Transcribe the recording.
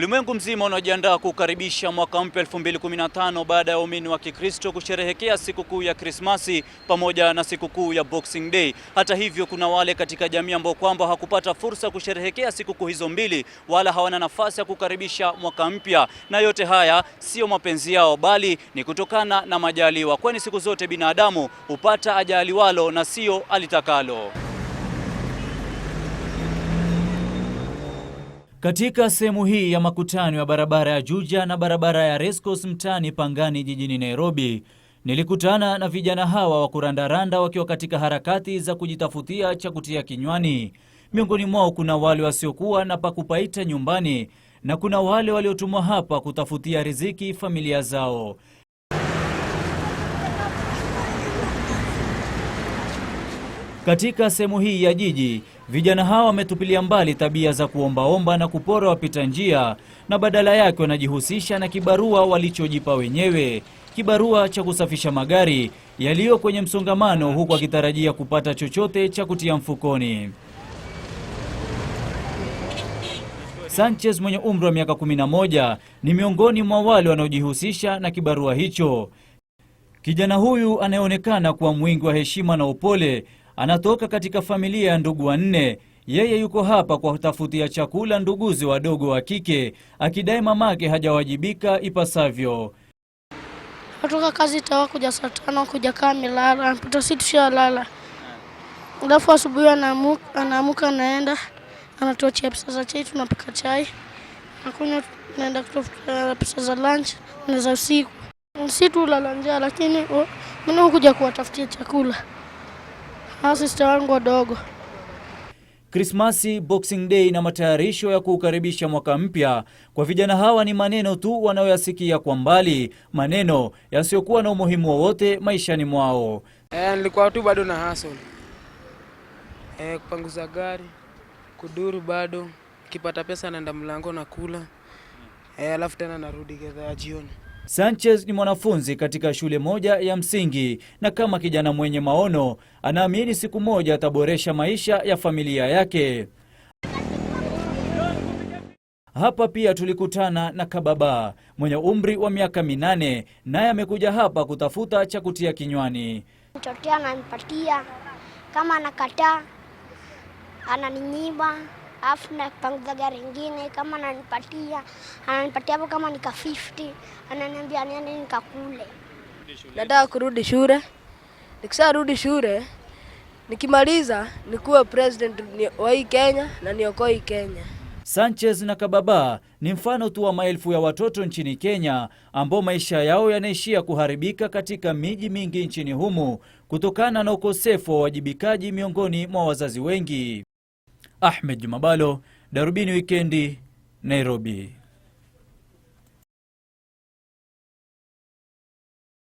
Ulimwengu mzima unajiandaa kukaribisha mwaka mpya 2015 baada ya waumini wa Kikristo kusherehekea sikukuu ya Krismasi pamoja na sikukuu ya Boxing Day. Hata hivyo, kuna wale katika jamii ambao kwamba hakupata fursa kusherehekea sikukuu hizo mbili wala hawana nafasi ya kukaribisha mwaka mpya, na yote haya sio mapenzi yao, bali ni kutokana na majaliwa, kwani siku zote binadamu hupata ajaliwalo na sio alitakalo. Katika sehemu hii ya makutano ya barabara ya Juja na barabara ya Racecourse mtaani Pangani jijini Nairobi, nilikutana na vijana hawa wa kurandaranda wakiwa katika harakati za kujitafutia cha kutia kinywani. Miongoni mwao kuna wale wasiokuwa na pa kupaita nyumbani na kuna wale waliotumwa hapa kutafutia riziki familia zao. Katika sehemu hii ya jiji, vijana hawa wametupilia mbali tabia za kuombaomba na kupora wapita njia na badala yake wanajihusisha na kibarua walichojipa wenyewe, kibarua cha kusafisha magari yaliyo kwenye msongamano, huku akitarajia kupata chochote cha kutia mfukoni. Sanchez mwenye umri wa miaka 11 ni miongoni mwa wale wanaojihusisha na kibarua hicho. Kijana huyu anayeonekana kuwa mwingi wa heshima na upole Anatoka katika familia ya ndugu wanne. Yeye yuko hapa kwa kutafutia chakula nduguzi wadogo wa kike, akidai mamake hajawajibika ipasavyo. Natoka kazi tawa kuja saa tano kuja kaa milala mpita si tushalala, alafu asubuhi anaamuka anaenda anatuachia pesa za chai, tunapika chai nakunywa, naenda kutafuta pesa za lunch na za usiku. Si tulala njaa, lakini oh, mimi hukuja kuwatafutia chakula au sista wangu wadogo. Krismasi, Boxing Day na matayarisho ya kuukaribisha mwaka mpya kwa vijana hawa ni maneno tu wanayoyasikia kwa mbali, maneno yasiyokuwa na umuhimu wowote maishani mwao. Eh, nilikuwa tu bado na hustle Eh, kupanguza gari, kuduru bado, kipata pesa naenda mlango nakula, eh, alafu tena narudi gedha ya jioni. Sanchez ni mwanafunzi katika shule moja ya msingi na kama kijana mwenye maono, anaamini siku moja ataboresha maisha ya familia yake. Hapa pia tulikutana na Kababa mwenye umri wa miaka minane, naye amekuja hapa kutafuta cha kutia kinywani. Mtoto anampatia, kama anakataa ananinyima alafu gari ingine kama ananipatia ananipatia hapo kama nika 50 ananiambia niende nikakule. Nataka kurudi shule, nikisa rudi shule nikimaliza nikuwe president wa hii Kenya na niokoe hii Kenya. Sanchez na Kababa ni mfano tu wa maelfu ya watoto nchini Kenya ambao maisha yao yanaishia kuharibika katika miji mingi nchini humu kutokana na ukosefu wa wajibikaji miongoni mwa wazazi wengi. Ahmed Jumabalo, Darubini Wikendi, Nairobi.